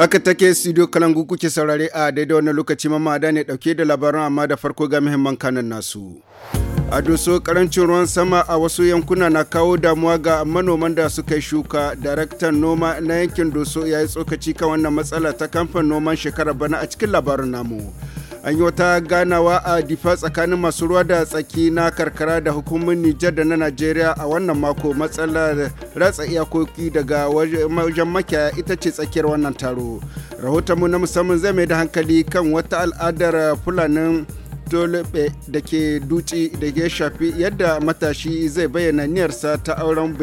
Aka take studio kalangu kuke saurare a daidai wani lokaci mamada ne dauke da labaran amma da farko ga muhimman kanan nasu. A doso karancin ruwan sama a wasu yankuna na kawo damuwa ga manoman da suka yi shuka. Daraktan noma na yankin doso ya yi tsokaci kan wannan matsala ta kamfan noman shekarar bana a cikin labarin namu. an yi wata ganawa a difa tsakanin masu ruwa da tsaki na karkara da hukumar nijar da na najeriya a wannan mako matsalar ratsa iyakoki daga wajen makiyaya ita ce tsakiyar wannan taro rahotonmu na musamman zai mai da hankali kan wata al'adar fulanin dolbe da ke duci da ya shafi yadda matashi zai bayyana niyarsa ta auren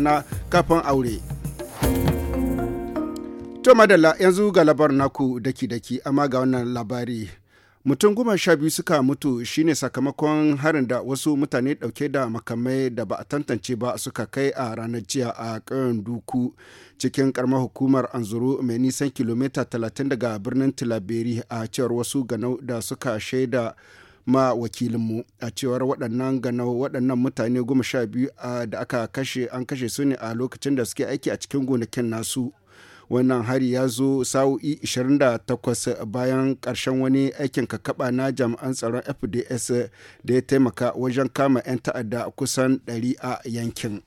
na kafin aure. To madalla yanzu ga labar naku daki-daki amma ga wannan labari. mutum goma sha biyu suka mutu shine sakamakon harin da wasu mutane dauke da makamai da ba a tantance ba suka kai a ranar jiya a ƙauyen duku cikin karamar hukumar anzuru mai nisan kilomita 30 daga birnin tilaberi a cewar wasu ganau da suka shaida ma wakilinmu a cewar waɗannan ganau waɗannan mutane goma sha biyu da aka kashe an kashe su ne a lokacin da suke aiki a cikin gonakin nasu wannan hari ya zo sa'o'i 28 bayan ƙarshen wani aikin kakaba na jami'an tsaron fds da ya taimaka wajen kama 'yan ta'adda kusan 100 a yankin.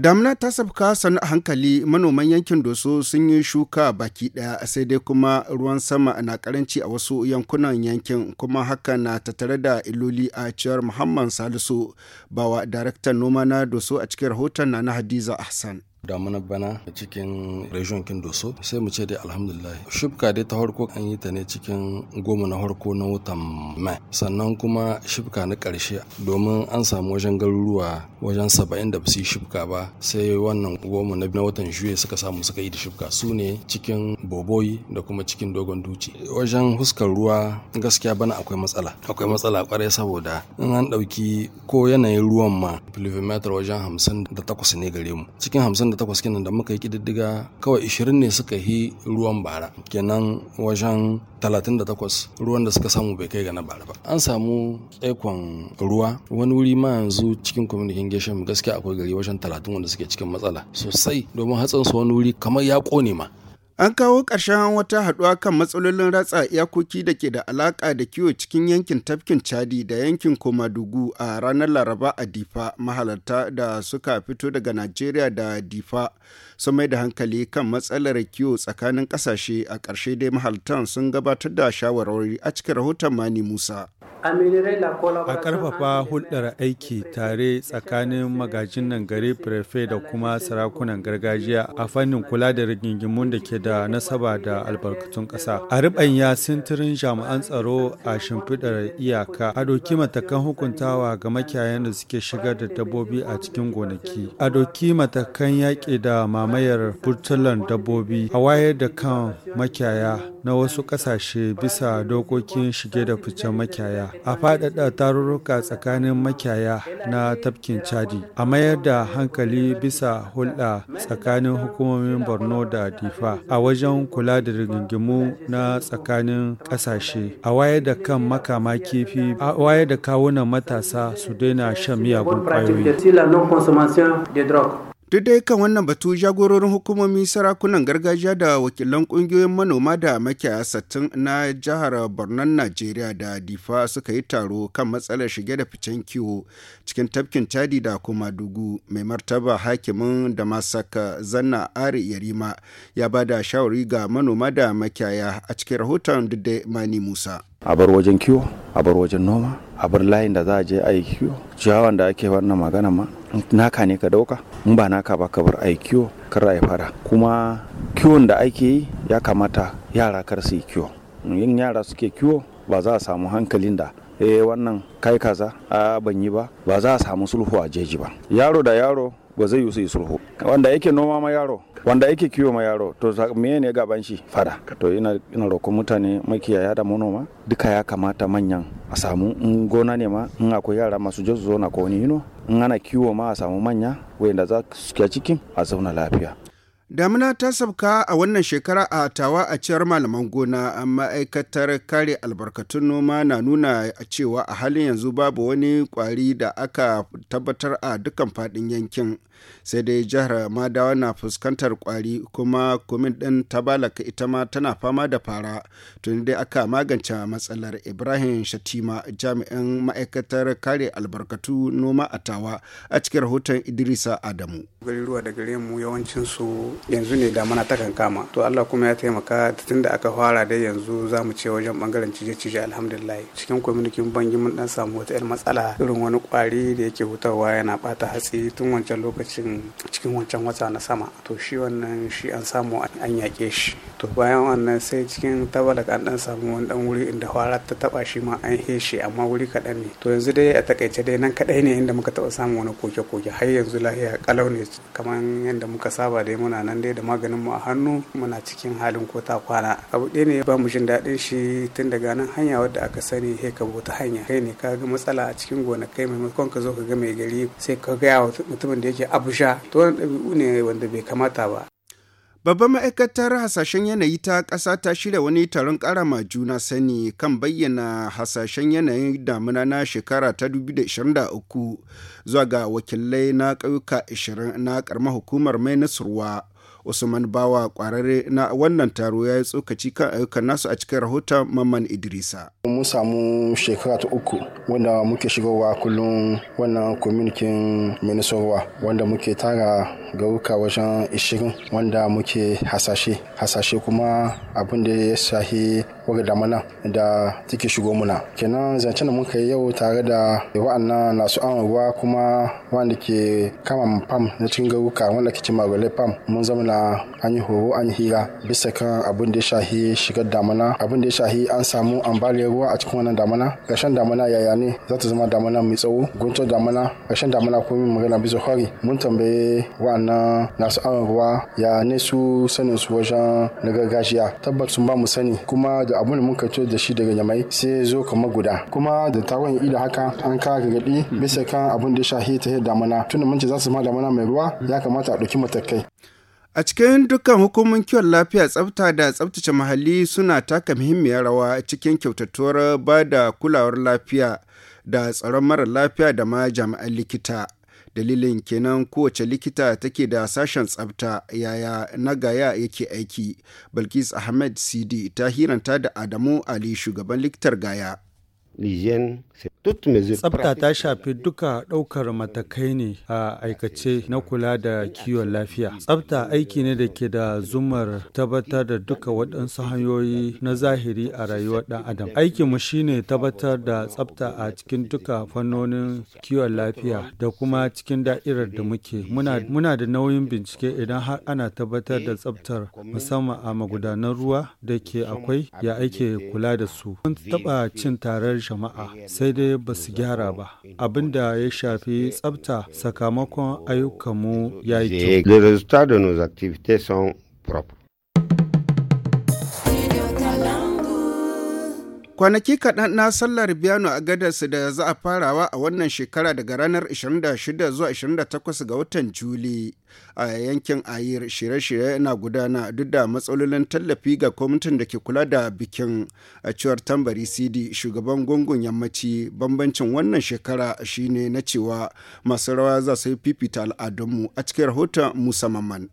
damina ta sabka sannu hankali manoman yankin doso sun yi shuka baki ɗaya sai dai kuma ruwan sama na karanci a wasu yankunan yankin kuma haka na tattare da iloli a ciyar muhammad salisu bawa daraktan noma na doso a cikin rahoton na hadiza ahsan damuna bana a cikin region kin so. sai mu ce dai alhamdulillah shifka dai ta farko an yi ta ne cikin goma na farko na watan mai sannan kuma shifka na ƙarshe domin an samu wajen garuruwa wajen saba'in da su shifka ba sai wannan goma na watan juye suka samu suka yi da shifka su ne cikin boboyi da kuma cikin dogon duci wajen huskar ruwa gaskiya bana akwai matsala akwai matsala kwarai saboda in an ɗauki ko yanayin ruwan ma pluviometer wajen hamsin da takwas ne gare mu cikin hamsin da takwas kenan da muka yi kididdiga kawai 20 ne suka yi ruwan bara kenan wajen 38 ruwan da suka samu bai kai ga na bara ba an samu tsaikon ruwa wani wuri ma yanzu cikin communication gaskiya akwai gari wajen 30 wanda suke cikin matsala sosai domin hatsin su wani wuri kamar ya kone ma An kawo ƙarshen wata haɗuwa kan matsalolin ratsa iyakoki da ke da alaƙa da kiwo cikin yankin tafkin Chadi da yankin Komadugu a ranar Laraba a Difa mahalarta da suka fito daga Najeriya da Difa sun mai da hankali kan matsalar kiwo tsakanin ƙasashe a ƙarshe dai mahalartan sun gabatar da shawarwari a cikin rahoton Mani Musa. A ƙarfafa hulɗar aiki tare tsakanin magajin nan gari prefe da kuma sarakunan gargajiya a fannin kula da rigingimun da ke da da nasaba da albarkatun ƙasa. A ya sintirin jami'an tsaro a shimfiɗar iyaka, a ɗauki matakan hukuntawa ga makiyayan da suke shigar da dabbobi a cikin gonaki, a ɗauki matakan yaƙi da mamayar burtulan dabbobi, a wayar da kan makiyaya na wasu ƙasashe bisa dokokin shige da fice makiyaya a faɗaɗa tarurruka tsakanin makiyaya na tafkin chadi a mayar da hankali bisa hulɗa tsakanin hukumomin borno da difa a wajen kula da rigingimu na tsakanin ƙasashe a wayar da kan makama kifi a wayar da kawunan matasa su daina shan miyagun ƙwayoyi duk dai kan wannan batu jagororin hukumomi sarakunan gargajiya da wakilan kungiyoyin manoma da makiyaya sattin na jihar bornan najeriya da difa suka yi taro kan matsalar shige da ficen kiwo cikin tafkin chadi da kuma dugu mai martaba hakimin da masaka zanna ari yarima ya ba da shawari ga manoma da makiyaya a cikin rahoton duk dai mani musa a bar wajen kiwo a bar wajen noma a bar layin da za a je a yi kiwo ciyawan da ake wannan magana ma naka ne ka dauka in ba naka ba ka bar a yi kiwo kar a yi fara kuma kiwon da ake yi ya kamata yara kar su yi kiwo yin yara suke kiwo ba za a samu hankalin da eh wannan kai kaza a ban yi ba ba za a samu sulhu a jeji ba yaro da yaro ba zai yi yi sulhu wanda yake noma ma yaro wanda yake kiwo ma yaro to me ne gaban shi fada to ina ina roƙon mutane makiyaya da manoma duka ya kamata manyan a samu in gona ne ma in akwai yara masu je su ko wani yino in ana kiwo ma a samu manya wayanda za su cikin a zauna lafiya Damina ta sabka a wannan shekara a tawa a ciyar malaman gona a ma'aikatar kare albarkatun noma na nuna cewa a halin yanzu babu wani kwari da aka tabbatar a dukkan fadin yankin sai dai jihar madawa na fuskantar kwari kuma kumin ta tabalaka ita ma tana fama da fara tuni dai aka magance matsalar ibrahim shatima jami'in ma'aikatar kare albarkatu noma a tawa a cikin rahoton idrisa adamu garuruwa da gare mu yawancin su yanzu ne da mana takan kama to allah kuma ya taimaka tunda aka fara dai yanzu za mu ce wajen bangaren cije-cije alhamdulillah cikin kwamitin bangi mun dan samu wata 'yar matsala irin wani kwari da yake hutawa yana bata hatsi tun wancan lokaci lokacin cikin wancan wata na sama to shi wannan shi an samu an yaƙe shi to bayan wannan sai cikin tabalak an dan samu wani dan wuri inda hwarar ta taba shi ma an heshe amma wuri kaɗan ne to yanzu dai a takaice dai nan kaɗai ne inda muka taba samu wani koke-koke har yanzu lahiya kalau ne kamar yadda muka saba dai muna nan dai da maganin mu a hannu muna cikin halin ko ta kwana abu ɗaya ne ba mu jin daɗin shi tun daga nan hanya wadda aka sani he ka bota hanya kai ne ka ga matsala a cikin gonakai maimakon ka zo ka ga mai gari sai ka wa mutumin da yake abusha to wani ɗabi'u ne wanda bai kamata ba Babban ma'aikatar hasashen yanayi ta ƙasa ta shirya wani taron ƙarama juna sani kan bayyana hasashen yanayin damuna na shekara ta 2023 zuwa ga wakilai na ƙauyuka 20 na ƙaramar hukumar mai nasarwa usman bawa kwararre na wannan taro ya yi tsokaci kan ayyukan nasu a cikin rahoton mamman idrisa mun samu shekara ta uku wanda muke shigowa kullum wannan kominikin Minnesota wanda muke tara garuka wajen 20 wanda muke hasashe hasashe kuma abin da ya shahi da damana da take shigo muna kenan zance da muka yi yau tare da wa'annan nasu ruwa kuma wanda ke kama fam na cikin garuka wanda ke cima gole fam mun zamana an yi horo an hira bisa kan abin da ya shahi shigar damana abin da ya shahi an samu ambaliyar ruwa a cikin wannan damana ƙarshen damana yaya ne za ta zama damana mai tsawo guntun damana ƙarshen damana ko min magana bisa hori mun tambaye wa'annan nasu ruwa ya ne su sanin su wajen na gargajiya tabbas sun ba mu sani kuma da abun da muka to da shi daga yamai sai ya zo kamar guda kuma da tawon ido haka an kawo gargaɗi bisa kan abun da ya shahi ta damana da mun ce za su ma damana mai ruwa ya kamata a ɗauki matakai. A cikin dukkan hukumomin kiwon lafiya tsafta da tsaftace muhalli suna taka muhimmiyar rawa cikin kyautattuwar ba da kulawar lafiya da tsaron mara lafiya da ma jami'an likita. dalilin kenan kowace likita take da sashen tsabta yaya na gaya yake aiki bilkis ahmed cd ta hiranta da adamu ali shugaban likitar gaya Tsafta ta shafi duka ɗaukar matakai ne a aikace na kula da kiwon lafiya. Tsafta aiki ne da ke da zumar tabbatar da duka waɗansu hanyoyi na zahiri a rayuwar ɗan adam. Aikinmu shine tabbatar da tsafta a cikin duka fannonin kiwon lafiya da kuma cikin da'irar da muke. Muna, da nauyin bincike idan har ana tabbatar da tsaftar musamman a magudanan ruwa da ke akwai ya aike kula da su. Mun taɓa cin tarar jama'a sai dai ba su gyara ba abin da ya shafi tsabta sakamakon ayyukanmu ya yi kyau. Kwanaki kaɗan na sallar biyano a gadarsu da za a farawa a wannan shekara daga ranar 26 zuwa 28 ga watan Juli a yankin Ayir shirye-shirye na gudana duk da matsalolin tallafi ga kwamitin da ke kula da bikin a cewar tambari CD shugaban gungun yammaci bambancin wannan shekara shine na cewa masu rawa za su yi fifita al'adunmu a cikin rahoton Musa Maman.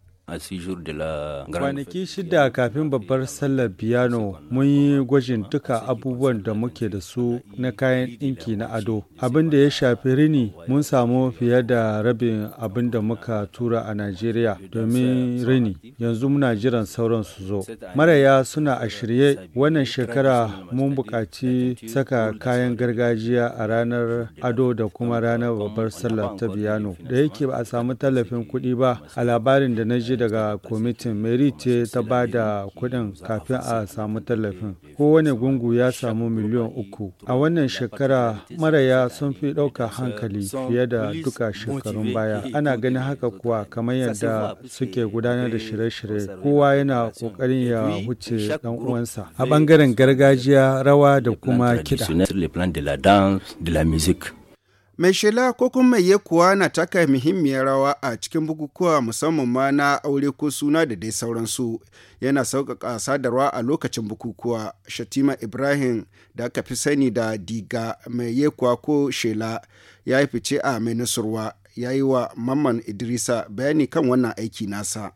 Kwanaki shida kafin babbar sallar piano mun yi gwajin duka abubuwan da muke da su na kayan ɗinki na ado. Abin da ya shafi rini mun samu fiye da rabin abin da muka tura a Najeriya domin rini. Yanzu muna jiran sauran su zo. Maraya suna a shirye wannan shekara mun buƙaci saka kayan gargajiya a ranar ado da kuma ranar babbar sallar ta piano. Da yake ba a samu tallafin kuɗi ba a labarin da na je daga kwamitin mary ce ta ba da kuɗin kafin a samu tallafin kowane gungu ya samu miliyan uku a wannan shekara maraya sun fi ɗauka hankali fiye da duka shekarun baya ana ganin haka kuwa kamar yadda suke gudanar da shirye-shirye kowa yana ƙoƙarin ya wuce dan uwansa a bangaren gargajiya rawa da kuma kiɗa mai shela ko kuma mai kuwa na taka muhimmiyar rawa a cikin bukukuwa musamman ma na aure ko suna da dai sauransu yana sauƙaƙa sadarwa a lokacin bukukuwa shatima ibrahim da aka fi sani da diga mai kuwa ko shela ya yi fice a mai nasurwa ya yi wa mamman idrisa bayani kan wannan aiki nasa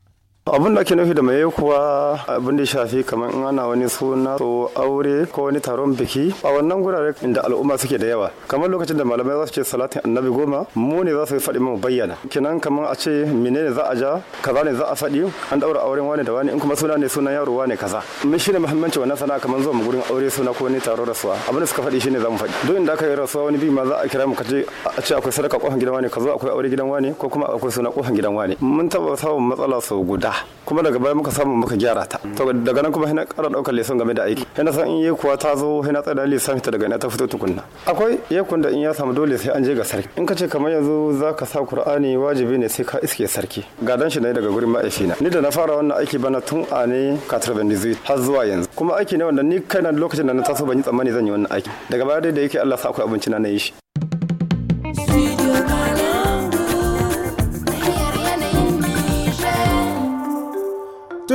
abin da ke nufi da maye kuwa abin da shafi kamar in ana wani suna ko aure ko wani taron biki a wannan gurare inda al'umma suke da yawa kamar lokacin da malamai za su ce salatin annabi goma mu ne za su yi faɗi mu bayyana kenan kamar a ce menene za a ja kaza ne za a faɗi an daura auren wani da wani in kuma suna ne sunan yaro wane kaza mun ne muhimmanci wannan sana'a kamar zuwa mu gurin aure suna ko wani taron rasuwa abin da suka faɗi shine za mu faɗi duk inda aka yi rasuwa wani bi ma za a kira mu kaje a ce akwai sadaka kofan gidan wani kazo akwai aure gidan wani ko kuma akwai suna kofan gidan wani mun taba samun matsala sau guda kuma daga baya muka samu muka gyara ta to daga nan kuma hina ƙara daukar leson game da aiki hina san in yi kuwa ta zo hina tsada leson ta daga ina ta fito tukunna akwai kun da in ya samu dole sai an je ga sarki in ka ce kamar yanzu zaka sa qur'ani wajibi ne sai ka iske sarki ga dan shi ne daga gurin na. ni da na fara wannan aiki bana tun a ne 98 har zuwa yanzu kuma aiki ne wanda ni kaina lokacin da na taso ban yi tsammani zan yi wannan aiki daga baya dai da yake Allah sa akwai abinci na yi shi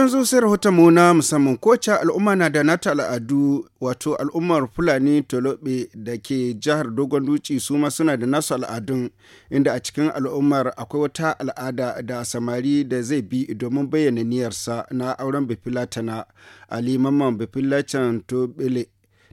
yanzu sai rahoton mu na musamman kowace al'umma na da nata al'adu wato al'ummar fulani tolobe da ke jihar dogon duci su ma suna da nasu al'adun inda a cikin al'ummar akwai wata al'ada da samari da zai bi domin bayyana niyyarsa na auren bifilatana a limaman bifilatan tobele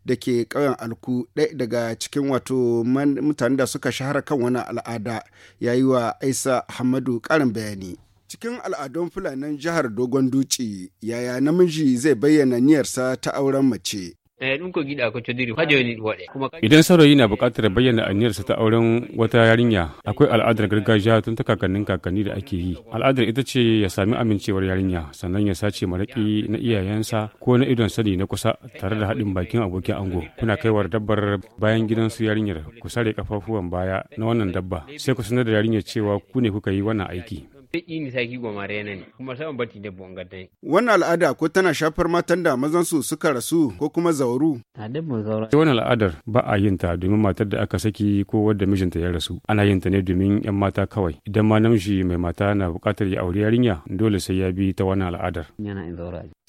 da ke ƙauyen alku ɗaya daga cikin wato mutanen da suka shahara kan wani al'ada yayi wa aisa hamadu ƙarin bayani Cikin al'adun Fulanin jihar Dogon Duci, yaya namiji zai bayyana niyyarsa ta auren mace? Eh, Idan saurayi na bukatar bayyana aniyarsa ta auren wata yarinya, akwai al'adar gargajiya tun ta kakannin kakanni da ake yi. Al'adar ita ce ya sami amincewar yarinya, sannan ya sace maraƙi na iyayensa ko na idon sani na kusa tare da haɗin bakin abokin ango. Kuna kaiwar dabbar bayan gidansu yarinyar, ku sare kafafuwan baya na wannan dabba, sai ku sanar da yarinyar cewa ku ne kuka yi wannan aiki. Duk ini saki goma rena ne kuma sai bati da bonga dai. Wannan al'ada ko tana shafar matan da mazan su suka rasu ko kuma zauru. Wannan al'adar ba a yin ta domin matar da aka saki ko wadda mijinta ya rasu. Ana yin ta ne domin 'yan mata kawai. Idan ma namiji mai mata na bukatar ya auri yarinya dole sai ya bi ta wannan al'adar.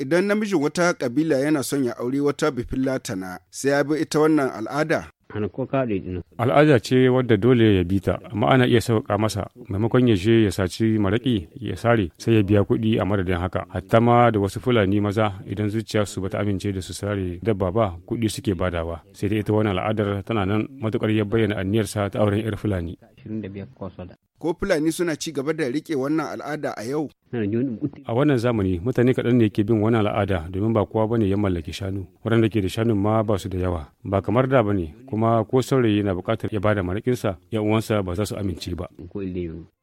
Idan namijin wata kabila yana son ya auri wata bifilla tana sai ya bi ita wannan al'ada. Al'ada ce wadda dole ya bi ta, amma ana iya sauka masa maimakon ya je ya saci maraƙi ya sare sai ya biya kuɗi a madadin haka. Hatta ma da wasu Fulani maza idan zuciya su bata amince da su sare dabba ba kuɗi suke badawa. Sai dai ita wani al'adar tana nan matuƙar ya bayyana aniyarsa ta auren 'yar Fulani. ko fulani suna ci gaba da riƙe wannan al'ada a yau a wannan zamani mutane kaɗan ne ke bin wannan al'ada domin ba kowa bane ya mallaki shanu waɗanda ke da shanun ma ba su da yawa ba kamar da bane kuma ko saurayi na buƙatar ya bada maraƙinsa yan uwansa ba za su amince ba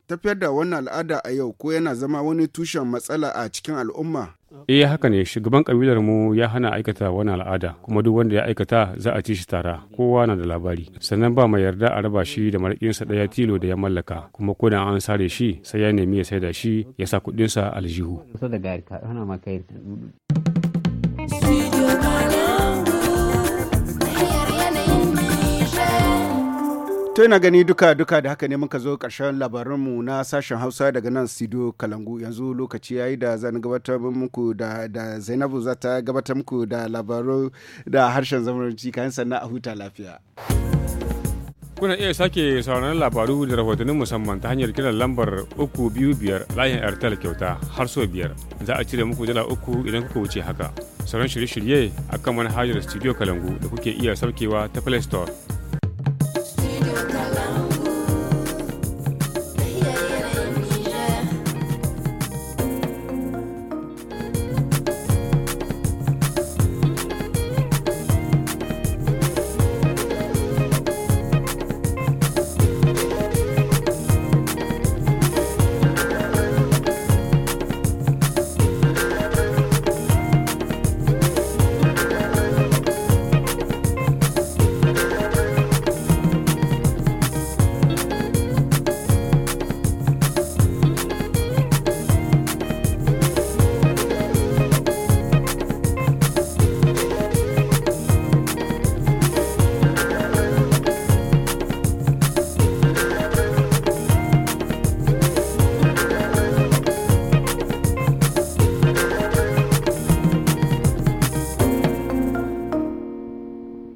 tafiyar da wannan al'ada a yau ko yana zama wani tushen matsala a cikin al'umma Eh haka ne shugaban kabilar mu ya hana aikata wani al'ada kuma duk wanda ya aikata za a ci shi tara kowa na da labari sannan ba mai yarda a raba shi da marakinsa ɗaya tilo da ya mallaka kuma ko da an sare shi sai ya nemi ya saida shi ya sa kuɗinsa aljihu. To yana gani duka-duka da haka ne muka zo ƙarshen mu na sashen Hausa daga nan Sido Kalangu yanzu lokaci yayi da zan gabatar muku da, da Zainabu za ta gabatar muku da labaru da harshen zamananci kayan sannan a huta lafiya. Kuna iya sake sauran labaru da rahotannin musamman ta hanyar kiran lambar 325 layin Airtel kyauta har so biyar. Za a cire muku dala uku idan kuka wuce haka. Sauran shirye-shirye akan manhajar Studio Kalangu da kuke iya saukewa ta Play Store.